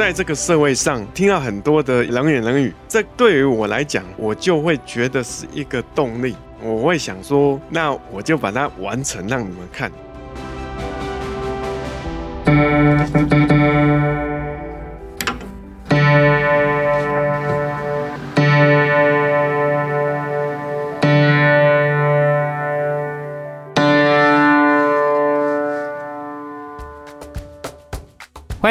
在這個社會上聽到很多的冷言冷語，這對於我來講，我就會覺得是一個動力。我會想說，那我就把它完成，讓你們看。嗯嗯嗯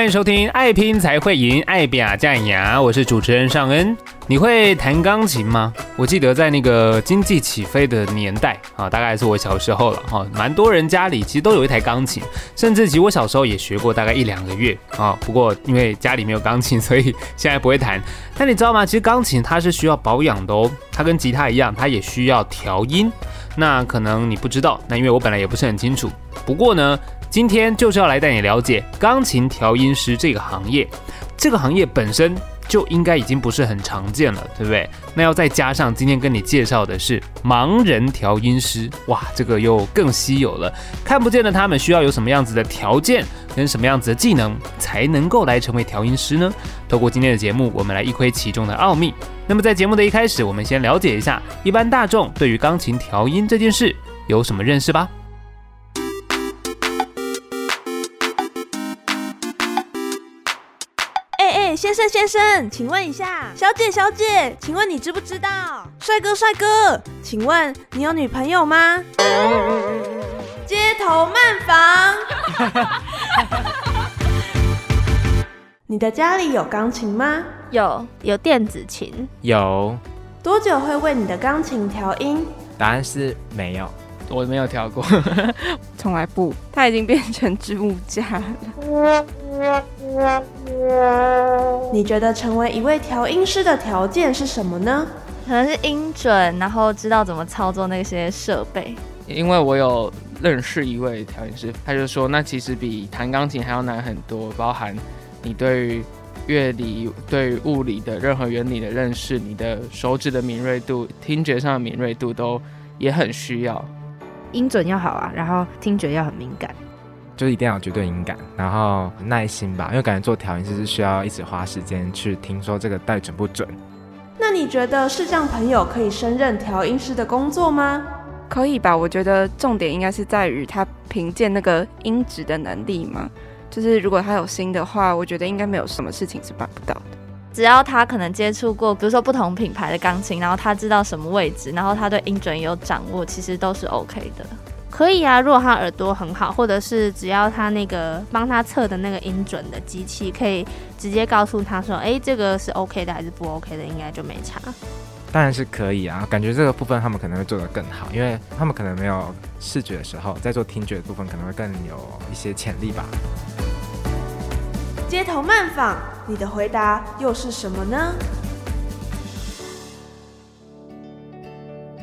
收聽愛拼才會贏，愛比亞加牙，我是主持人尚恩。你會彈鋼琴嗎？我記得在那個經濟起飛的年代啊、哦，大概是我小時候了哈、哦，蠻多人家裡其實都有一台鋼琴，甚至其實我小時候也學過大概一兩個月啊、哦。不過因為家裡沒有鋼琴，所以現在不會彈。但你知道嗎？其實鋼琴它是需要保養的哦，它跟吉他一樣，它也需要調音。那可能你不知道，那因為我本來也不是很清楚。不過呢。今天就是要來帶你了解鋼琴調音師這個行業，這個行業本身就應該已經不是很常見了，對不對？那要再加上今天跟你介紹的是盲人調音師，哇，這個又更稀有了。看不見的他們需要有什麼樣子的條件跟什麼樣子的技能才能夠來成為調音師呢？透過今天的節目，我們來一窺其中的奧秘。那麼在節目的一開始，我們先了解一下一般大眾對於鋼琴調音這件事有什麼認識吧。先生先生，請問一下。小姐小姐，請問你知不知道？帥哥帥哥，請問你有女朋友嗎？哦、呃呃街頭漫房。你的家裡有鋼琴嗎？有，有電子琴。有。多久會為你的鋼琴調音？答案是沒有，我沒有調過，從 來不。它已經變成置物架了。 你覺得成為一位調音師的條件是什麼呢？可能是音準，然後知道怎麼操作那些設備。因為我有認識一位調音師，他就說那其實比彈鋼琴還要難很多，包含你對於樂理、對於物理的任何原理的認識，你的手指的敏銳度、聽覺上的敏銳度都也很需要。音準要好啊，然後聽覺要很敏感。就一定要有絕對音感，然後耐心吧，因為感覺做調音師是需要一直花時間去聽說這個到底準不準。那你覺得視障朋友可以勝任調音師的工作嗎？可以吧，我覺得重點應該是在於他憑借那個音質的能力嘛。就是如果他有心的話，我覺得應該沒有什麼事情是辦不到的。只要他可能接觸過，比如說不同品牌的鋼琴，然後他知道什麼位置，然後他對音準有掌握，其實都是 OK 的。可以啊，如果他耳朵很好，或者是只要他那個幫他測的那個音準的機器可以直接告訴他說，哎、欸，這個是 OK 的還是不 OK 的，應該就沒差。當然是可以啊，感覺這個部分他們可能會做得更好，因為他們可能沒有視覺的時候，在做聽覺的部分可能會更有一些潛力吧。街頭慢訪，你的回答又是什麼呢？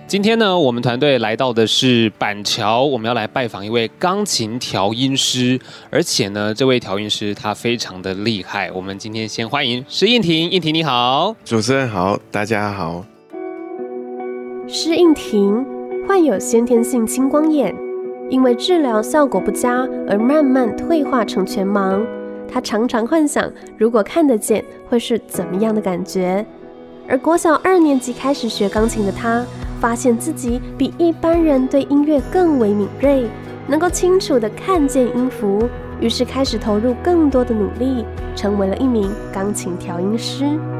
今天呢，我們團隊來到的是板橋，我們要來拜訪一位鋼琴調音師，而且呢，這位調音師他非常的厲害。我們今天先歡迎施映廷，映廷你好，主持人好，大家好。施映廷患有先天性青光眼，因為治療效果不佳而慢慢退化成全盲。他常常幻想如果看得見會是怎麼樣的感覺，而國小二年級開始學鋼琴的他。發現自己比一般人對音樂更為敏銳，能夠清楚地看見音符，於是開始投入更多的努力，成為了一名鋼琴調音師。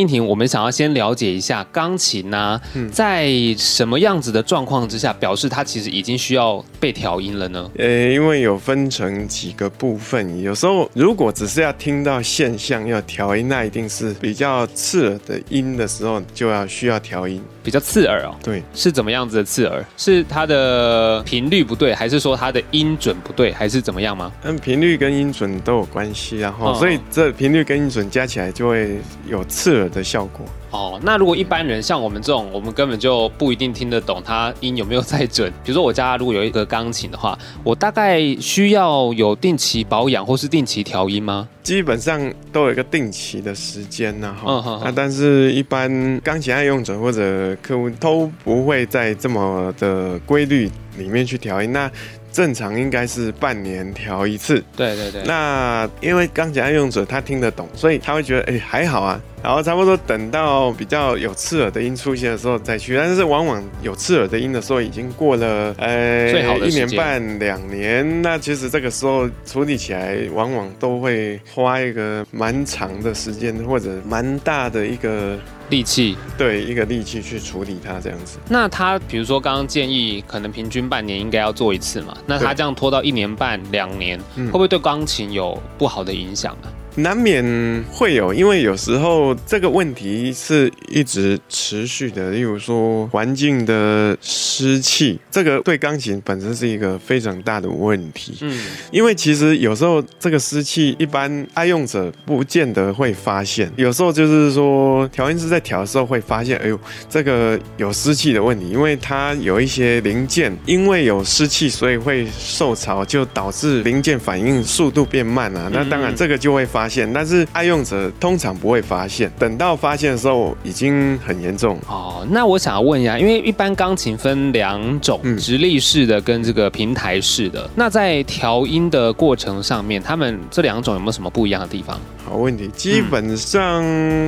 映廷，我們想要先了解一下鋼琴呢、啊，在什麼樣子的狀況之下，表示它其實已經需要被調音了呢？誒，因為有分成幾個部分，有時候如果只是要聽到現象要調音，那一定是比較刺耳的音的時候，就要需要調音。比較刺耳哦、喔，對，是怎麼樣子的刺耳？是它的頻率不對，還是說它的音準不對，還是怎麼樣嗎？嗯，頻率跟音準都有關係、啊，然後、哦、所以這頻率跟音準加起來就會有刺耳的效果。哦，那如果一般人像我們這種，我們根本就不一定聽得懂它音有沒有在準。比如說我家如果有一個鋼琴的話，我大概需要有定期保養或是定期調音嗎？基本上都有一個定期的時間呢，哈，啊，哦哦、啊但是一般鋼琴愛用者或者客戶都不會在這麼的規律裡面去調音，那正常應該是半年調一次。對對對。那因為鋼琴愛用者他聽得懂，所以他會覺得哎、欸、還好啊，然後差不多等到比較有刺耳的音出現的時候再去。但是往往有刺耳的音的時候，已經過了、欸、最好一年半兩年，那其實這個時候處理起來往往都會花一個蠻長的時間或者蠻大的一個。力氣對一個力氣去處理它這樣子，那他比如說剛剛建議可能平均半年應該要做一次嘛，對那他這樣拖到一年半兩年，嗯、會不會對鋼琴有不好的影響呢、啊？難免會有，因為有時候這個問題是一直持續的。例如說，環境的濕氣，這個對鋼琴本身是一個非常大的問題。嗯，因為其實有時候這個濕氣，一般愛用者不見得會發現。有時候就是說，調音師在調的時候會發現，哎呦，這個有濕氣的問題，因為它有一些零件因為有濕氣，所以會受潮，就導致零件反應速度變慢啊，嗯、那當然，這個就會發。但是愛用者通常不會發現，等到發現的時候已經很嚴重哦。那我想要問一下，因為一般鋼琴分兩種，嗯、直立式的跟這個平台式的。那在調音的過程上面，他們這兩種有沒有什麼不一樣的地方？好問題，基本上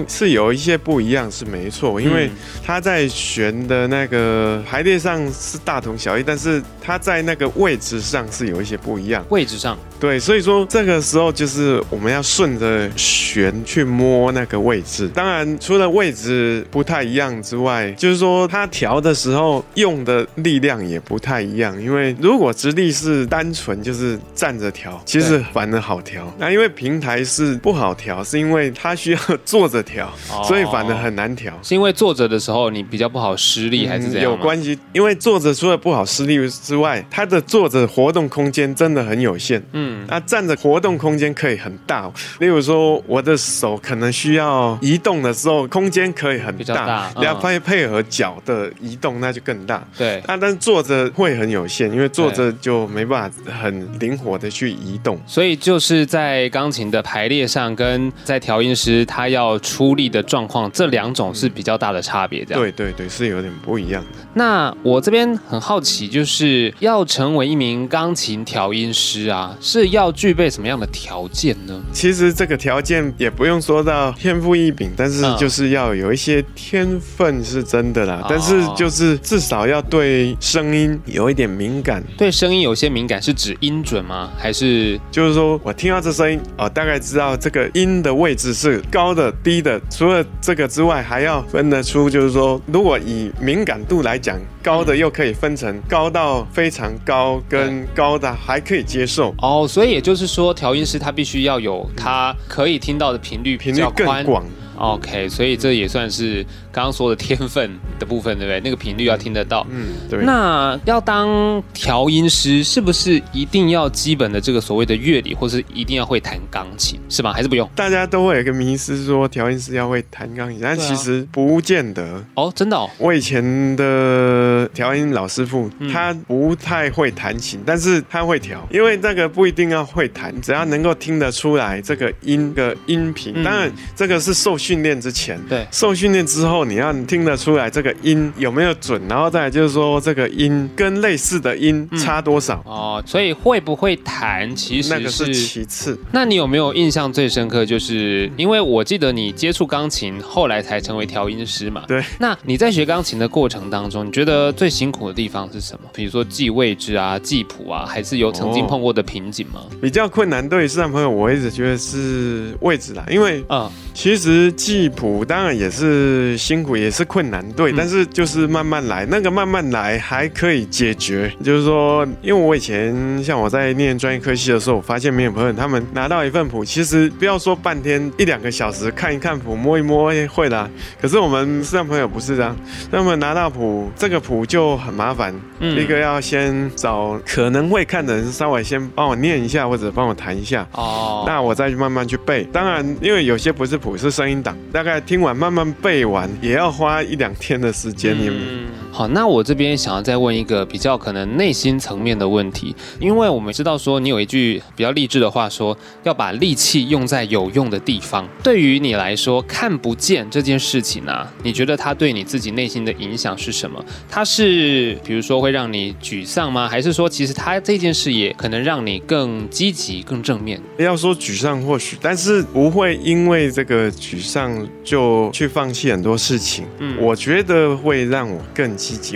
是有一些不一樣是沒錯，嗯、因為它在弦的那個排列上是大同小異，但是它在那個位置上是有一些不一樣。位置上，對，所以說這個時候就是我們要順。順着弦去摸那個位置，當然除了位置不太一樣之外，就是說它調的時候用的力量也不太一樣。因為如果直立是單純就是站着調，其實反而好調。那對、啊、因為平台是不好調，是因為它需要坐着調，哦、所以反而很難調、哦。是因為坐着的時候你比較不好施力還是怎樣、嗯？有關係，因為坐着除了不好施力之外，它的坐着活動空間真的很有限。嗯，那、啊、站着活動空間可以很大。例如說，我的手可能需要移動的時候，空間可以很大，你要配配合腳的移動，那就更大。對，但、啊、但是坐着會很有限，因為坐着就沒辦法很靈活的去移動。所以就是在鋼琴的排列上，跟在調音師他要出力的狀況，這兩種是比較大的差別，這樣、嗯。對對對，是有點不一樣的。那我這邊很好奇，就是要成為一名鋼琴調音師啊，是要具備什麼樣的條件呢？其實。是這個條件也不用說到天賦異稟，但是就是要有一些天分是真的啦。嗯、但是就是至少要對聲音有一點敏感，對聲音有些敏感是指音準嗎？還是就是說，我聽到這聲音，哦，大概知道這個音的位置是高的、低的。除了這個之外，還要分得出，就是說，如果以敏感度來講，高的又可以分成高到非常高，跟高的還可以接受。哦，所以也就是說，調音師他必須要有他。他可以聽到的頻率比較寬，比較廣，OK，所以這也算是。剛剛說的天分的部分，對不對？那個頻率要聽得到。嗯，對。那要當調音師，是不是一定要基本的這個所謂的樂理，或是一定要會彈鋼琴，是嗎？還是不用？大家都會有個迷思說，說調音師要會彈鋼琴，但其實不見得。啊、哦，真的？哦。我以前的調音老師傅，他不太會彈琴，嗯、但是他會調，因為這個不一定要會彈，只要能夠聽得出來這個音的、這個、音頻。嗯、當然，這個是受訓練之前，對，受訓練之後。你要你聽得出來這個音有沒有準，然後再來就是說這個音跟類似的音差多少、嗯、哦。所以會不會彈其實是，那個是其次。那你有沒有印象最深刻？就是因為我記得你接觸鋼琴，後來才成為調音師嘛。對。那你在學鋼琴的過程當中，你覺得最辛苦的地方是什麼？比如說記位置啊、記譜啊，還是有曾經碰過的瓶頸嗎、哦？比較困難，對於視障朋友，我一直覺得是位置啦，因為啊，其實記譜當然也是。辛苦也是困難，對，嗯、但是就是慢慢來，那個慢慢來還可以解決，就是說，因為我以前像我在念專業科系的時候，我發現沒有朋友他們拿到一份譜，其實不要說半天一兩個小時看一看譜摸一摸會啦。可是我們視障朋友不是這、啊、樣，那麼拿到譜，這個譜就很麻煩。嗯、一個要先找可能會看的人稍微先幫我念一下，或者幫我彈一下，哦，那我再去慢慢去背。當然，因為有些不是譜是聲音檔，大概聽完慢慢背完，也要花一兩天的時間，你們。好，那我這邊想要再問一個比較可能內心層面的問題，因為我們知道說你有一句比較勵志的話，說要把力氣用在有用的地方。對於你來說，看不見這件事情呢、啊，你覺得它對你自己內心的影響是什麼？它是比如說會讓你沮喪嗎？還是說其實它這件事也可能讓你更積極、更正面？要說沮喪，或許，但是不會因為這個沮喪就去放棄很多事情。嗯，我覺得會讓我更。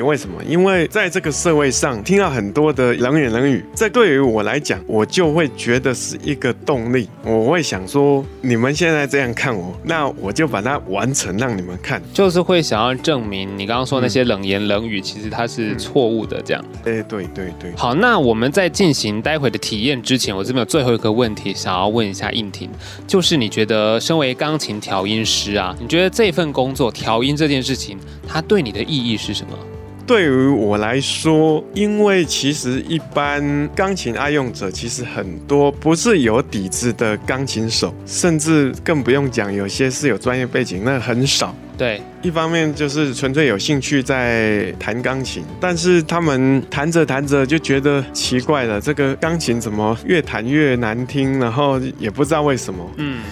為什麼？因為在這個社會上聽到很多的冷言冷語，這對於我來講，我就會覺得是一個動力。我會想說，你們現在這樣看我，那我就把它完成，讓你們看，就是會想要證明你剛剛說那些冷言冷語，嗯、其實它是錯誤的。這樣，哎，欸、對，對對對。好，那我們在進行待會的體驗之前，我這邊有最後一個問題想要問一下映廷，就是你覺得身為鋼琴調音師啊，你覺得這份工作調音這件事情，它對你的意義是什麼？對於我來說，因為其實一般鋼琴愛用者其實很多不是有底子的鋼琴手，甚至更不用講，有些是有專業背景，那很少。對，一方面就是純粹有興趣在彈鋼琴，但是他們彈着彈着就覺得奇怪了，這個鋼琴怎麼越彈越難聽，然後也不知道為什麼。嗯。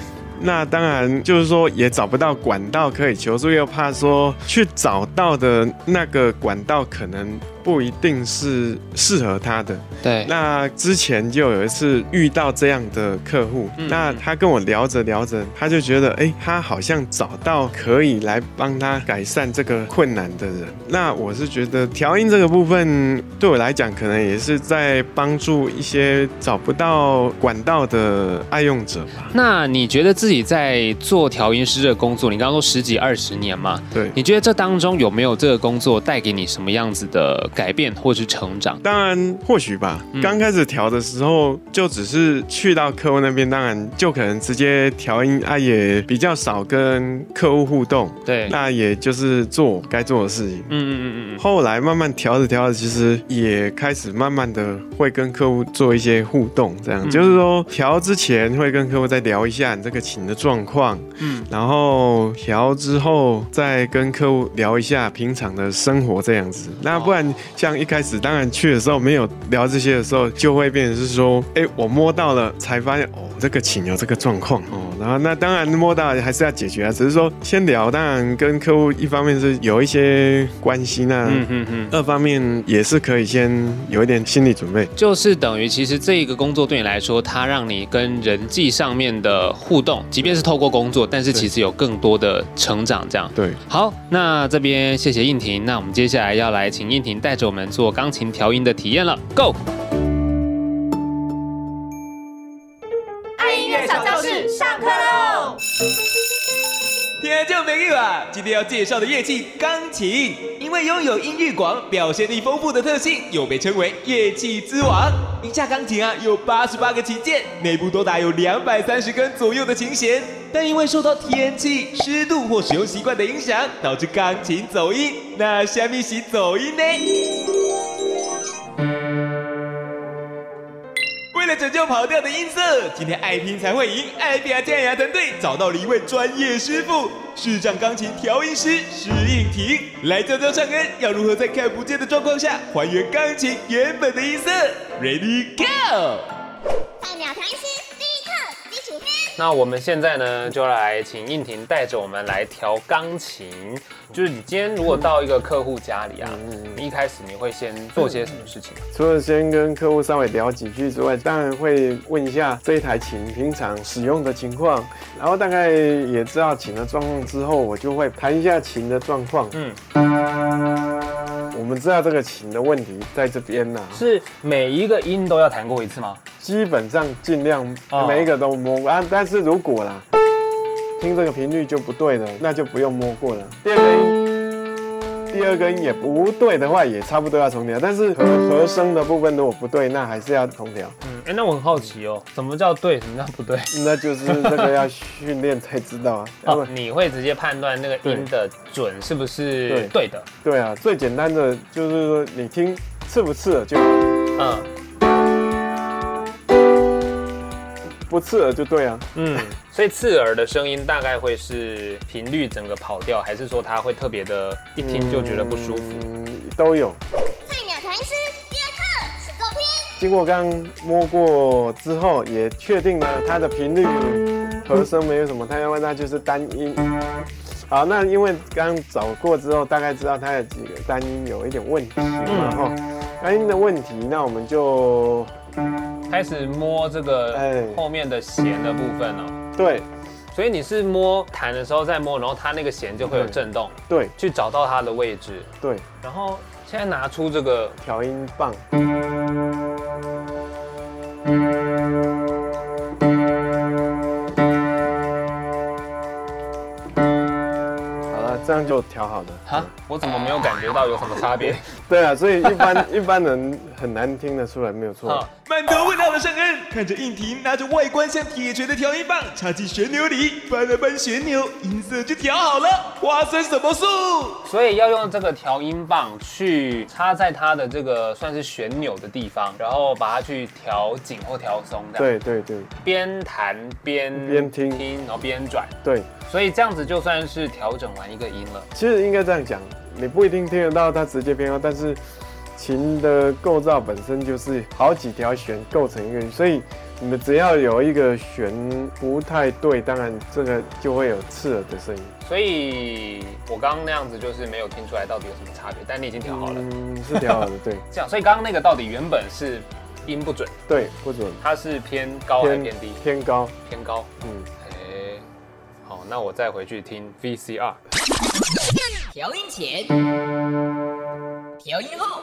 那當然，就是說也找不到管道可以求助，又怕說去找到的那個管道可能。不一定是適合他的。對，那之前就有一次遇到這樣的客戶，嗯，那他跟我聊着聊着，他就覺得，哎，他好像找到可以來幫他改善這個困難的人。那我是覺得調音這個部分，對我來講，可能也是在幫助一些找不到管道的愛用者吧。那你覺得自己在做調音師的工作，你剛剛說十幾二十年嗎？對，你覺得這當中有沒有這個工作帶給你什麼樣子的？改變或是成長，當然或許吧。嗯、剛開始調的時候，就只是去到客戶那邊，當然就可能直接調音，啊，也比較少跟客戶互動。對，那、啊、也就是做該做的事情。嗯嗯嗯嗯。後來慢慢調着調着，其實也開始慢慢的會跟客戶做一些互動，這樣、嗯、就是說，調之前會跟客戶再聊一下你這個琴的狀況，嗯，然後調之後再跟客戶聊一下平常的生活這樣子。嗯、那不然、哦。像一開始當然去的時候沒有聊這些的時候，就會變成是說，哎、欸，我摸到了，才發現哦，這個琴有這個狀況哦。然後那當然摸到了還是要解決啊，只是說先聊。當然跟客戶一方面是有一些關係啊，嗯嗯嗯，二方面也是可以先有一點心理準備、嗯。嗯嗯、就是等於其實這一個工作對你來說，它讓你跟人際上面的互動，即便是透過工作，但是其實有更多的成長這樣。對，好，那這邊謝謝映廷。那我們接下來要來請映廷帶。帶着我們做鋼琴調音的體驗了，Go！愛音樂小教室上課嘍！天就沒有了，今天要介紹的樂器——鋼琴。因為擁有音域廣、表現力豐富的特性，又被稱為樂器之王。一架鋼琴啊，有八十八個琴鍵，內部多達有兩百三十根左右的琴弦。但因為受到天氣、濕度或使用習慣的影響，導致鋼琴走音。那蝦米係走音呢？為了拯救跑調的音色，今天愛拼才會贏！愛比亞建牙團隊找到了一位專業師傅——視障鋼琴調音師施映廷，來教教尚恩要如何在看不見的狀況下還原鋼琴原本的音色。Ready go！菜鳥調音師第一課基礎篇。那我們現在呢，就來請映廷帶着我們來調鋼琴。就是你今天如果到一個客戶家裡啊，一開始你會先做些什麼事情？除了先跟客戶稍微聊幾句之外，當然會問一下這一台琴平常使用的情況，然後大概也知道琴的狀況之後，我就會彈一下琴的狀況。嗯。我們知道這個琴的問題在這邊呢，是每一個音都要彈過一次嗎？基本上盡量每一個都摸過。啊，但是如果啦，聽這個頻率就不對了，那就不用摸過了。第二個音。第二根也不對的話，也差不多要重調。但是和聲的部分如果不對，那還是要重調。嗯，哎、欸，那我很好奇哦，什麼叫對，什麼叫不對？嗯、那就是這個要訓練才知道啊。啊 ，你會直接判斷那個音的準是不是對的？對，對啊，最簡單的就是說你聽刺不刺耳就。嗯。不刺耳就對啊，嗯，所以刺耳的聲音大概會是頻率整個跑掉，還是說它會特別的一聽就覺得不舒服？嗯，嗯，都有。菜鳥調音師第二課：結構篇。經過剛摸過之後，也確定了它的頻率和聲沒有什麼太大問題，那就是單音。好，那因為剛找過之後，大概知道它的幾個單音有一點問題嘛，嗯、然後單音的問題，那我們就。開始摸這個後面的弦的部分哦，欸、對，所以你是摸彈的時候再摸，然後它那個弦就會有震動。對，對，去找到它的位置。對，對，然後現在拿出這個調音棒。好了，這樣就調好了。哈？我怎麼沒有感覺到有什麼差別？ 對啊，所以一般 一般人。很難聽得出來，沒有錯。滿頭問號的尚恩看着映廷拿着外觀像鐵錘的調音棒插進旋鈕裡，翻了翻旋鈕，音色就調好了。花生什麼素。所以要用這個調音棒去插在它的這個算是旋鈕的地方，然後把它去調緊或調鬆的。對對對，邊彈邊邊聽聽，聽，然後邊轉。對，所以這樣子就算是調整完一個音了。其實應該這樣講，你不一定聽得到它直接變化，但是。琴的構造本身就是好幾條弦構成一個，所以你們只要有一個弦不太對，當然這個就會有刺耳的聲音。所以，我剛剛那樣子就是沒有聽出來到底有什麼差別，但你已經調好了，嗯，是調好了，對。這樣 啊，所以剛剛那個到底原本是音不準，對，不準，它是偏高還是偏低偏？偏高，偏高。嗯，Okay, 好，那我再回去聽 VCR 調音前。.有以後，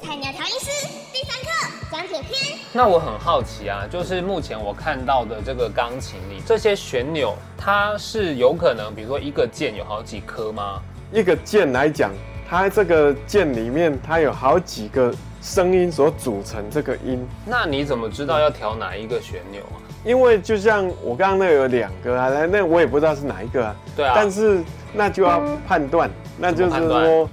菜鳥調音師第三課講解篇。那我很好奇啊，就是目前我看到的這個鋼琴裡，這些旋鈕它是有可能，比如說一個鍵有好幾顆嗎？一個鍵來講，它這個鍵裡面它有好幾個聲音所組成這個音。那你怎麼知道要調哪一個旋鈕啊？因為就像我剛剛那個有兩個啊，那那我也不知道是哪一個啊。對啊。但是那就要判斷。嗯那就是說，哦、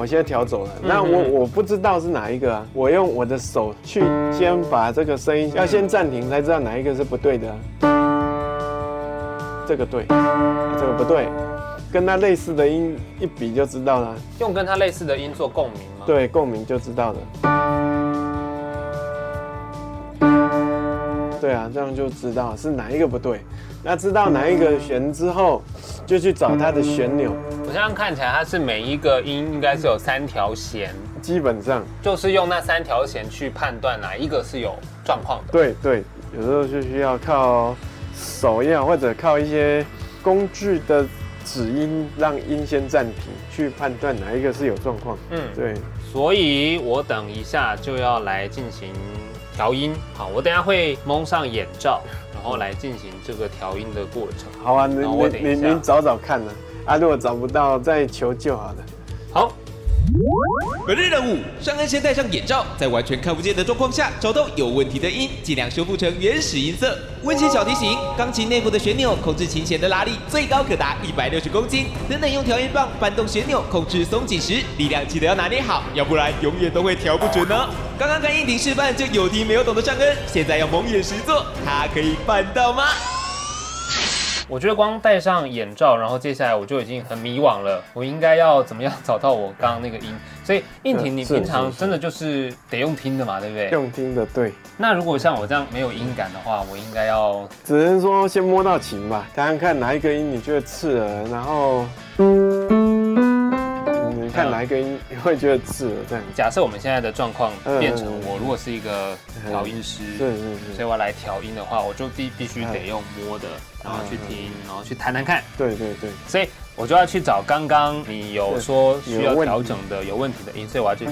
我現在調走了。嗯、哼那我我不知道是哪一個啊，我用我的手去先把這個聲音，嗯、要先暫停才知道哪一個是不對的、啊。這個對、啊，這個不對，跟它類似的音一比就知道了。用跟它類似的音做共鳴嘛，對，共鳴就知道了。對啊，這樣就知道是哪一個不對。那知道哪一個弦之後，就去找它的旋鈕。我這樣看起來，它是每一個音應該是有三條弦，基本上就是用那三條弦去判斷哪一個是有狀況的。對對，有時候就需要靠手要，或者靠一些工具的止音，讓音先暫停，去判斷哪一個是有狀況。嗯，對。所以我等一下就要來進行。調音。好，我等下會蒙上眼罩，然後來進行這個調音的過程。 過程好啊，您您您找找看呢、啊。啊，如果找不到再求救好了。好。本日任務：尚恩先戴上眼罩，在完全看不見的狀況下找到有問題的音，儘量修復成原始音色。溫馨小提醒：鋼琴內部的旋鈕控制琴絃的拉力，最高可達一百六十公斤。等等，用調音棒扳動旋鈕控制鬆緊時，力量記得要拿捏好，要不然永遠都會調不準呢。剛剛看映廷示範就有聽沒有懂的尚恩，現在要蒙眼實作，他可以辦到嗎？我覺得光戴上眼罩，然後接下來我就已經很迷惘了。我應該要怎麼樣找到我剛剛那個音？所以，映廷，你平常真的就是得用聽的嘛，對不對？用聽的，對。那如果像我這樣沒有音感的話，我應該要……只能說先摸到琴吧，看看哪一個音你覺得刺耳，然後。看來跟音，會覺得刺，假設我們現在的狀況變成我如果是一個調音師，對，所以我來調音的話，我就必必須得用摸的，然後去聽，然後去彈彈看。對對對。所以我就要去找剛剛你有說需要調整的有問題的音，所以我要去。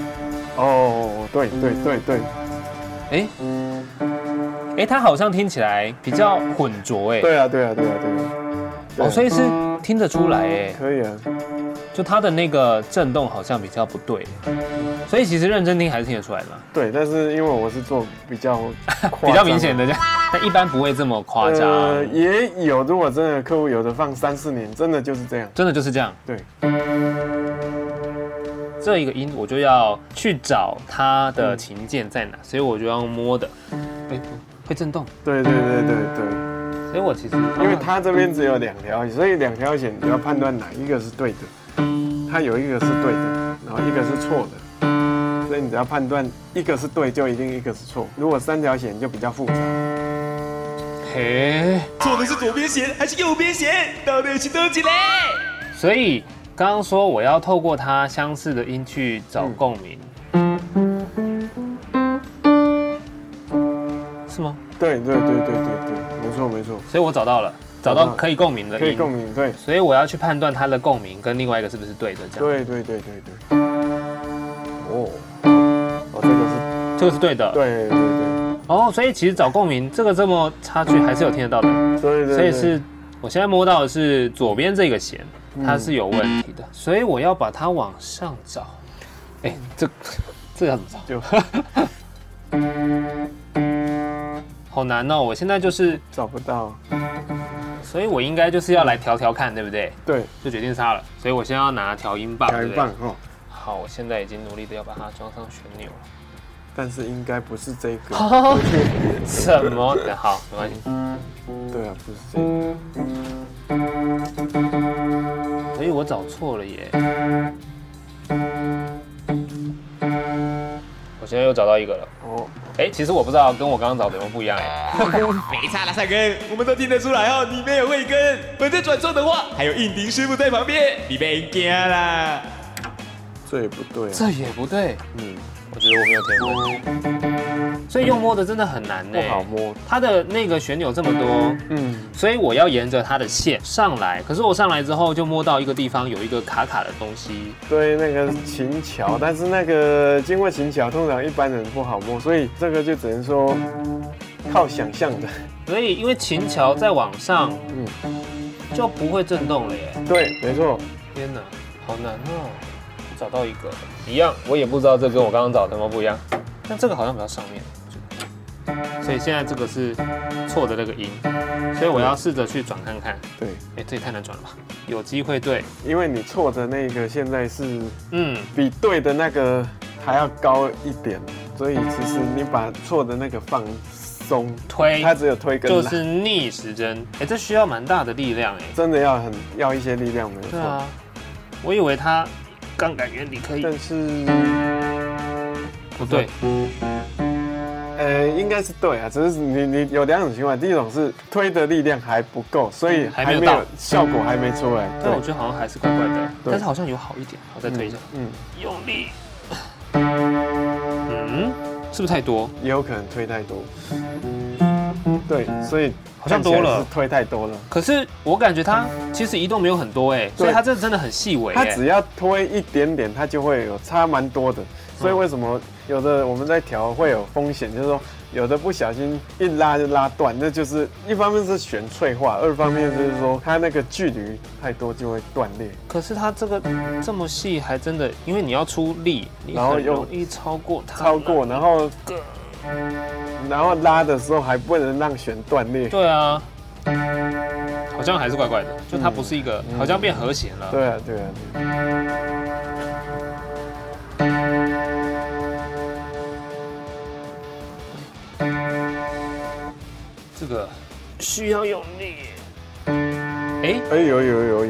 哦，對對對對。哎，哎，它好像聽起來比較混濁，哎。對啊對啊對啊對啊。哦，所以是聽得出來，哎。可以啊。就它的那個震動好像比較不對，所以其實認真聽還是聽得出來的。對，但是因為我是做比較 比較明顯的，這樣，但一般不會這麼誇張。呃，也有，如果真的客戶有的放三四年，真的就是這樣，真的就是這樣。對，這一個音我就要去找它的琴鍵在哪，嗯、所以我就要摸的，被、欸、會震動。對對對對對，所以我其實，因為他這邊只有兩條，所以兩條弦要判斷哪一個是對的。它有一個是對的，然後一個是錯的，所以你只要判斷一個是對，就一定一個是錯。如果三條弦就比較複雜。嘿，Okay. 錯的是左邊弦還是右邊弦？到底是起？所以剛剛說我要透過它相似的音去找共鳴，嗯、是嗎？對對對對對對，沒錯沒錯。所以我找到了。找到可以共鳴的，可以共鳴，對，所以我要去判斷它的共鳴跟另外一個是不是對的，這樣。對對對對對。哦，哦，這個是，這個是對的。對對對。哦，所以其實找共鳴，這個這麼差距還是有聽得到的。所以是，我現在摸到的是左邊這個弦，它是有問題的，所以我要把它往上找。哎，這，這個怎麼找？就，好難哦！我現在就是找不到。所以，我應該就是要來調調看，對不對？對，就決定殺了。所以我先要拿調音棒，對不對？調音棒，哦、好，我現在已經努力的要把它裝上旋鈕了，但是應該不是這個。什麼、哦？好，沒關係。對啊，不是這個。所以、哎、我找錯了耶。我現在又找到一個了。哦，哎，其實我不知道跟我剛剛找的有沒有不一樣哎。 沒差啦帥哥，我們都聽得出來哦，你沒有慧根，本次轉錯的話，還有映廷師傅在旁邊，你別驚啦。這也，啊、這也不對，這也不對。嗯，我覺得我沒有聽錯。所以用摸的真的很難呢，不好摸。它的那個旋鈕這麼多，嗯，所以我要沿着它的線上來。可是我上來之後就摸到一個地方有一個卡卡的東西，對，那個琴橋。但是那個經過琴橋，通常一般人不好摸，所以這個就只能說靠想象的。所以因為琴橋再往上，嗯，就不會震動了耶。對，沒錯。天哪，好難哦、喔！找到一個，一樣，我也不知道這跟我剛剛找的貓不一樣。但這個好像比較上面。所以現在這個是錯的那個音，所以我要試着去轉看看。對，哎、欸，這也太難轉了吧？有機會，對，因為你錯的那個現在是嗯，比對的那個還要高一點，嗯、所以其實你把錯的那個放鬆推，它只有推跟，就是逆時針。哎、欸，這需要蠻大的力量。哎、欸，真的要很要一些力量，沒錯，對啊，我以為它槓桿原理可以，但是不，不對。嗯呃，應該是對啊，只是你你有兩種情況，第一種是推的力量還不夠，所以還沒有、嗯、還沒有效果還沒出來。嗯、對但我覺得好像還是怪怪的，對對但是好像有好一點，我再推一下。嗯，嗯，用力。嗯，是不是太多？也有可能推太多。對，所以好像多了，推太多了。可是我感覺它其實移動沒有很多哎、欸，對所以它這真的很細微、欸。它只要推一點點，它就會有差蠻多的。所以為什麼？嗯有的我們在調會有風險，就是說有的不小心一拉就拉斷，那就是一方面是弦脆化，二方面就是說它那個距離太多就會斷裂。可是它這個這麼細還真的，因為你要出力，你很容易後有超過它。超過，然後然後拉的時候還不能讓弦斷裂。對啊，好像還是怪怪的，就它不是一個，好像變和弦了。嗯、對啊，對啊。啊這個需要用力，欸。哎，欸，哎有有有有有有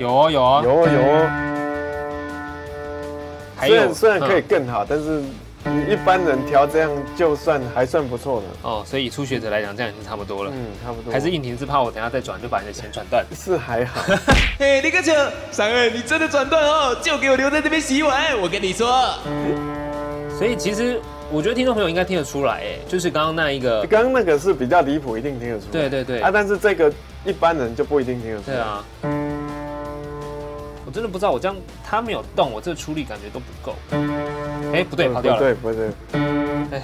有有有有。雖、嗯、然雖然可以更好，但是一般人調這樣就算還算不錯的。哦、嗯喔，所以初學者來講這樣已經差不多了。嗯，差不多。還是映廷是怕我等下再轉就把你的錢轉斷。是還好。 嘿，林克強，三兒，你真的轉斷哦，就給我留在這邊洗碗。我跟你說，欸、所以其實。我覺得聽眾朋友應該聽得出來，哎，就是剛剛那一個，剛剛那個是比較離譜，一定聽得出來。對對對，啊，但是這個一般人就不一定聽得出來對嗎。對啊，我真的不知道，我這樣他沒有動，我這個出力感覺都不夠。哎，不對，跑掉了，不對、欸、不對，哎，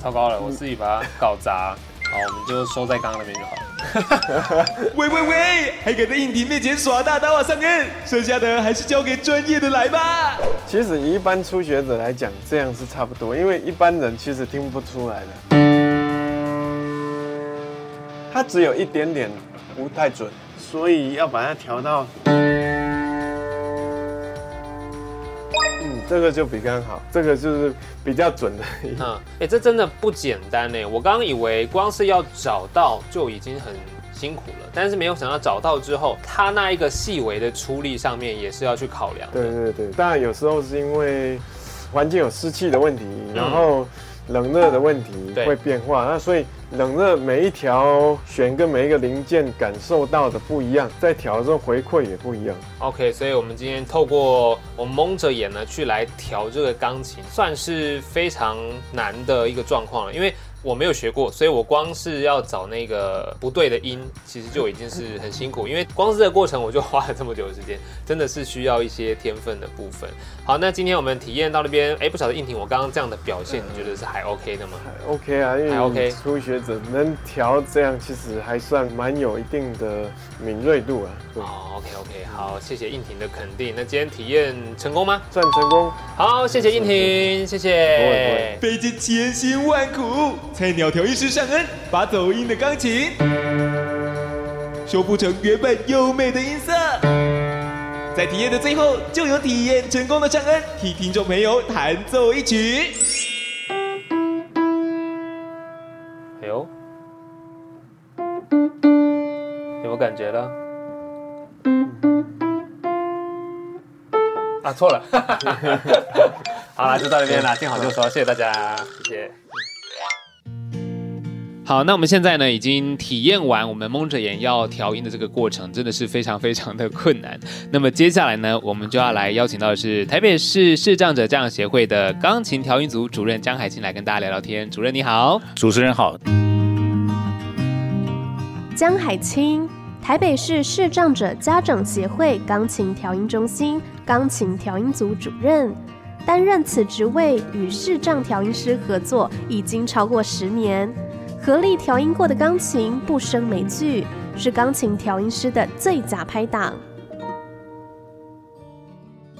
超高了，我自己把它搞砸，好，我們就收在剛剛那邊就好。 喂喂喂！還敢在映廷面前耍大刀啊，尚恩！剩下的還是交給專業的來吧。其實一般初學者來講，這樣是差不多，因為一般人其實聽不出來的。它只有一點點不太準，所以要把它調到。嗯，這個就比較好，這個就是比較準的。嗯，哎、欸，這真的不簡單呢。我剛剛以為光是要找到就已經很辛苦了，但是沒有想到找到之後，它那一個細微的出力上面也是要去考量的。對對對，當然有時候是因為環境有濕氣的問題，然後冷熱的問題會變化，嗯、那所以。冷熱，每一條弦跟每一個零件感受到的不一樣，在調的時候回饋也不一樣。OK，所以我們今天透過我蒙着眼呢去來調這個鋼琴，算是非常難的一個狀況了，因為。我沒有學過，所以我光是要找那個不對的音，其實就已經是很辛苦，因為光是這個過程我就花了這麼久的時間，真的是需要一些天分的部分。好，那今天我們體驗到那邊，哎、欸，不曉得映廷，我剛剛這樣的表現，你覺得是還 OK 的嗎還？OK 啊，因為 OK 初學者能調這樣，其實還算蠻有一定的敏銳度啊。哦、oh,，OK OK，好，謝謝映廷的肯定。那今天體驗成功嗎？算成功。好，謝謝映廷，是是謝謝。歷經千辛萬苦。菜鳥調音師，尚恩把走音的鋼琴修復成原本優美的音色，在體驗的最後就有體驗成功的尚恩替聽眾朋友彈奏一曲。哎呦，有感覺了，啊錯了，啊、好了，就到這邊了，謝謝聽好就說，謝謝大家，謝謝。好，那我們現在呢，已經體驗完我們蒙着眼要調音的這個過程，真的是非常非常的困難。那麼接下來呢，我們就要來邀請到的是台北市視障者家長協會的鋼琴調音組主任江海清來跟大家聊聊天。主任你好，主持人好。江海清，台北市視障者家長協會鋼琴調音中心鋼琴調音組主任，擔任此職位與視障調音師合作已經超過十年。合力調音過的鋼琴不生霉菌，是鋼琴調音師的最佳拍檔。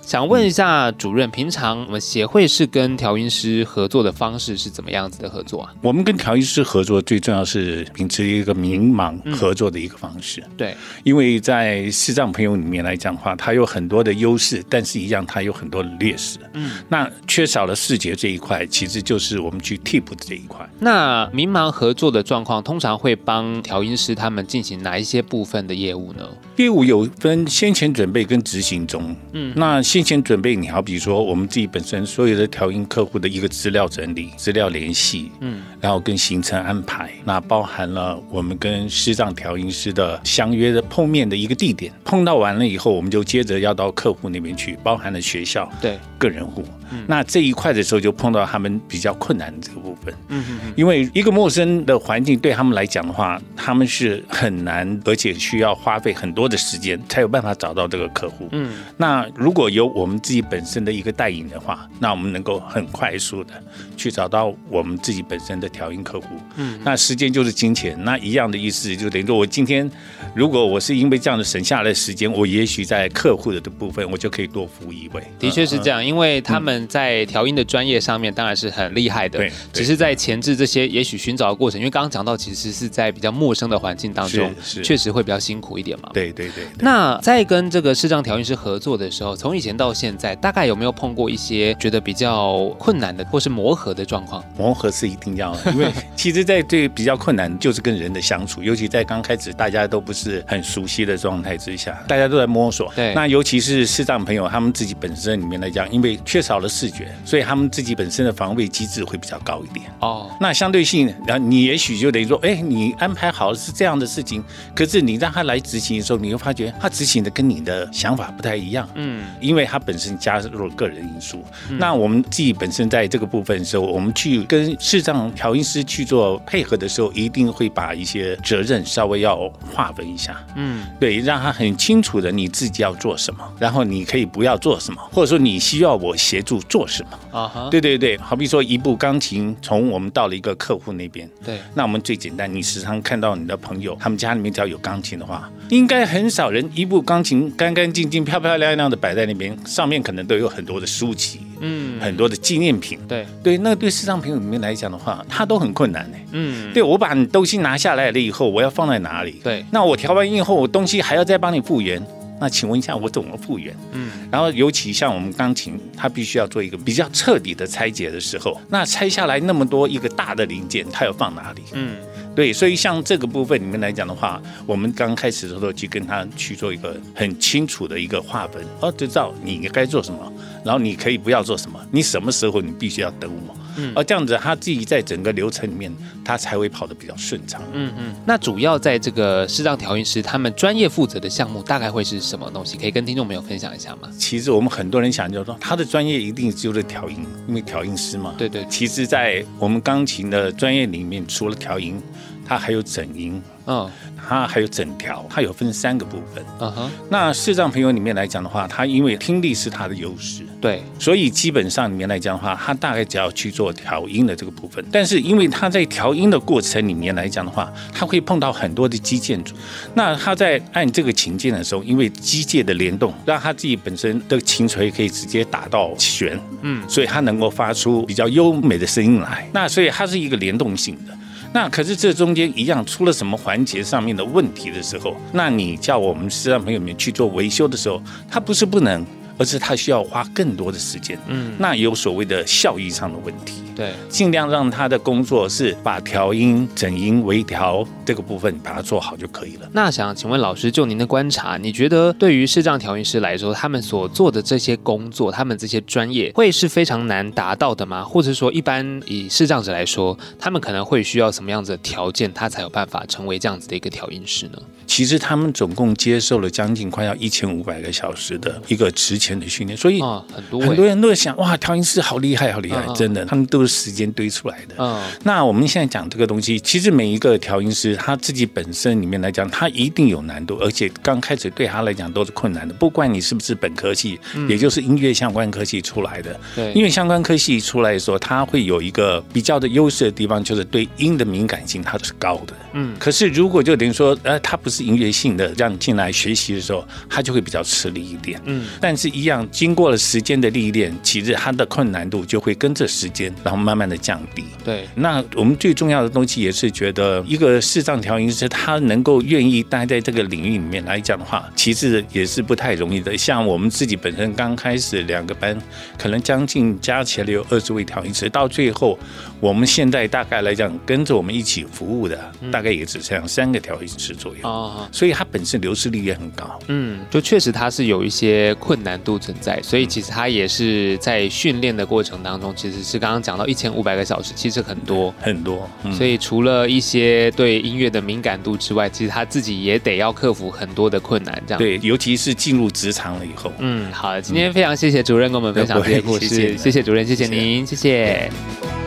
想問一下主任，嗯、平常我們協會是跟調音師合作的方式是怎麼樣子的合作啊？我們跟調音師合作最重要是秉持一個明盲合作的一個方式。嗯、對，因為在視障朋友裡面來講的話，他有很多的優勢，但是一樣他有很多的劣勢。嗯，那缺少了視覺這一塊，其實就是我們去替補的這一塊。那明盲合作的狀況，通常會幫調音師他們進行哪一些部分的業務呢？業務有分先前準備跟執行中。嗯哼，那。先前準備，你好，比如說我們自己本身所有的調音客戶的一個資料整理、資料聯繫，嗯，然後跟行程安排，嗯、那包含了我們跟視障調音師的相約的碰面的一個地點，碰到完了以後，我們就接着要到客戶那邊去，包含了學校對個人戶。那這一塊的時候就碰到他們比較困難的這個部分，嗯嗯，因為一個陌生的環境對他們來講的話，他們是很難，而且需要花費很多的時間才有辦法找到這個客戶。嗯，那如果有我們自己本身的一個帶引的話，那我們能夠很快速的去找到我們自己本身的調音客戶。嗯，那時間就是金錢，那一樣的意思就等於說，我今天如果我是因為這樣的省下來時間，我也許在客戶的的部分，我就可以多服務一位。嗯。的確是這樣，因為他們。嗯在調音的專業上面當然是很厲害的，對。只是在前置這些，也許尋找的過程，因為剛剛講到，其實是在比較陌生的環境當中，確實會比較辛苦一點嘛。對對對。那在跟這個視障調音師合作的時候，從以前到現在，大概有沒有碰過一些覺得比較困難的，或是磨合的狀況？磨合是一定要的，因為其實在這個比較困難，就是跟人的相處，尤其在剛開始大家都不是很熟悉的狀態之下，大家都在摸索。對。那尤其是視障朋友，他們自己本身裡面來講，因為缺少了。視覺，所以他們自己本身的防衛機制會比較高一點哦。Oh. 那相對性，然後你也許就等於說，哎、欸，你安排好是這樣的事情，可是你讓他來執行的時候，你會發覺他執行的跟你的想法不太一樣。嗯，因為他本身加入了個人因素。嗯、那我們自己本身在這個部分的時候，我們去跟視障調音師去做配合的時候，一定會把一些責任稍微要劃分一下。嗯，對，讓他很清楚的你自己要做什麼，然後你可以不要做什麼，或者說你需要我協助。做什麼啊？對對對，好比說，一部鋼琴從我們到了一個客戶那邊，對，那我們最簡單。你時常看到你的朋友，他們家裡面只要有鋼琴的話，應該很少人一部鋼琴乾干淨淨、漂漂亮亮的擺在那邊，上面可能都有很多的書籍，嗯，很多的紀念品，對對。那對視障朋友來講的話，他都很困難嗯，對。我把你東西拿下來了以後，我要放在哪裡？對，那我調完音以後，我東西還要再幫你復原。那請問一下，我怎麼復原？嗯，然後尤其像我們鋼琴，它必須要做一個比較徹底的拆解的時候，那拆下來那麼多一個大的零件，它要放哪裡？嗯，對，所以像這個部分裡面來講的話，我們剛開始的時候就去跟他去做一個很清楚的一個劃分，哦，就知道你該做什麼，然後你可以不要做什麼，你什麼時候你必須要等我。嗯，而這樣子，他自己在整個流程裡面，他才會跑得比較順暢。嗯嗯。那主要在這個視障調音師他們專業負責的項目，大概會是什麼東西？可以跟聽眾朋友分享一下嗎？其實我們很多人想就說，他的專業一定就是調音，因為調音師嘛。對，對對。其實，在我們鋼琴的專業裡面，除了調音，他還有整音，嗯、哦，他還有整調，他有分三個部分。嗯哼、uh。Huh。那視障朋友裡面來講的話，他因為聽力是他的優勢。對，所以基本上裡面來講的話，它大概只要去做調音的這個部分。但是因為它在調音的過程裡面來講的話，它會碰到很多的機建組。那它在按這個琴鍵的時候，因為機械的聯動，讓它自己本身的琴錘可以直接打到弦，嗯，所以它能夠發出比較優美的聲音來。那所以它是一個聯動性的。那可是這中間一樣出了什麼環節上面的問題的時候，那你叫我們視障朋友們去做維修的時候，它不是不能。而是他需要花更多的時間，嗯，那也有所謂的效益上的問題。對，盡量讓他的工作是把調音、整音、微調這個部分把它做好就可以了。那想請問老師，就您的觀察，你覺得對於視障調音師來說，他們所做的這些工作，他們這些專業會是非常難達到的嗎？或者說，一般以視障者來說，他們可能會需要什麼樣子的條件，他才有辦法成為這樣子的一個調音師呢？其實他們總共接受了將近快要一千五百個小時的一個職前的訓練，所以很多很多人都在想，哇，調音師好厲害，好厲害，啊，真的，他們都。時間堆出來的。Oh. 那我們現在講這個東西，其實每一個調音師他自己本身裡面來講，他一定有難度，而且剛開始對他來講都是困難的。不管你是不是本科系，嗯，也就是音樂相關科系出來的，對，因為相關科系出來的時候，他會有一個比較的優勢的地方，就是對音的敏感性，它都是高的。嗯，可是如果就等於說，呃，他不是營業性的，讓你進來學習的時候，他就會比較吃力一點。嗯，但是一樣，經過了時間的歷練，其實他的困難度就會跟着時間，然後慢慢的降低。對，那我們最重要的東西也是覺得，一個視障調音師，他能夠願意待在這個領域裡面來講的話，其實也是不太容易的。像我們自己本身剛開始兩個班，可能將近加起來有二十位調音師，到最後，我們現在大概來講，跟着我們一起服務的，嗯、大。大概也只剩下三個調一次左右，所以它本身流失率也很高。嗯，就確實它是有一些困難度存在，所以其實他也是在訓練的過程當中，其實是剛剛講到一千五百個小時，其實很多很多。所以除了一些對音樂的敏感度之外，其實他自己也得要克服很多的困難，這樣對，尤其是進入職場了以後。嗯，好，今天非常謝謝主任跟我們分享，謝謝謝謝主任，謝謝您，謝謝。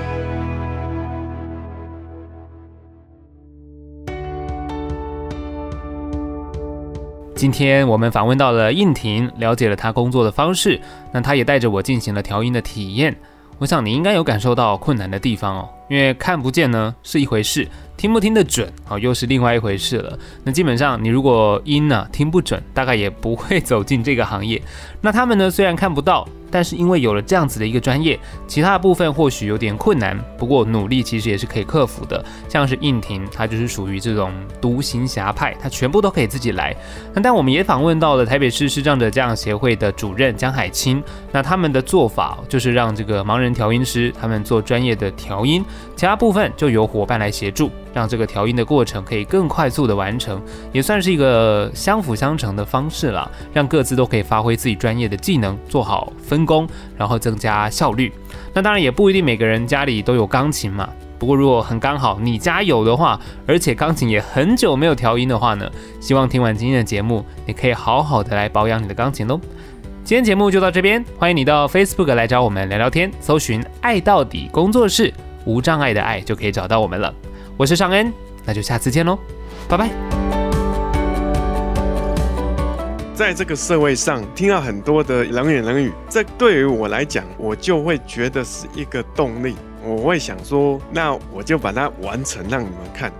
今天我們訪問到了映廷，了解了他工作的方式。那他也帶着我進行了調音的體驗。我想你應該有感受到困難的地方哦，因為看不見呢是一回事，聽不聽得準啊、哦、又是另外一回事了。那基本上你如果音呢、啊、聽不準，大概也不會走進這個行業。那他們呢雖然看不到。但是因為有了這樣子的一個專業，其他的部分或許有點困難，不過努力其實也是可以克服的。像是映廷，他就是屬於這種獨行俠派，他全部都可以自己來。那但我們也訪問到了台北市視障者家長協會的主任江海清，那他們的做法就是讓這個盲人調音師他們做專業的調音，其他部分就由夥伴來協助。讓這個調音的過程可以更快速的完成，也算是一個相輔相成的方式了。讓各自都可以發揮自己專業的技能，做好分工，然後增加效率。那當然也不一定每個人家裡都有鋼琴嘛。不過如果很剛好你家有的話，而且鋼琴也很久沒有調音的話呢，希望聽完今天的節目，你可以好好的來保養你的鋼琴嘍。今天節目就到這邊，歡迎你到 Facebook 來找我們聊聊天，搜尋“礙到底工作室”無障礙的礙就可以找到我們了。我是尚恩，那就下次見嘍，拜拜。在這個社會上聽到很多的冷言冷語，這對於我來講，我就會覺得是一個動力。我會想說，那我就把它完成，讓你們看。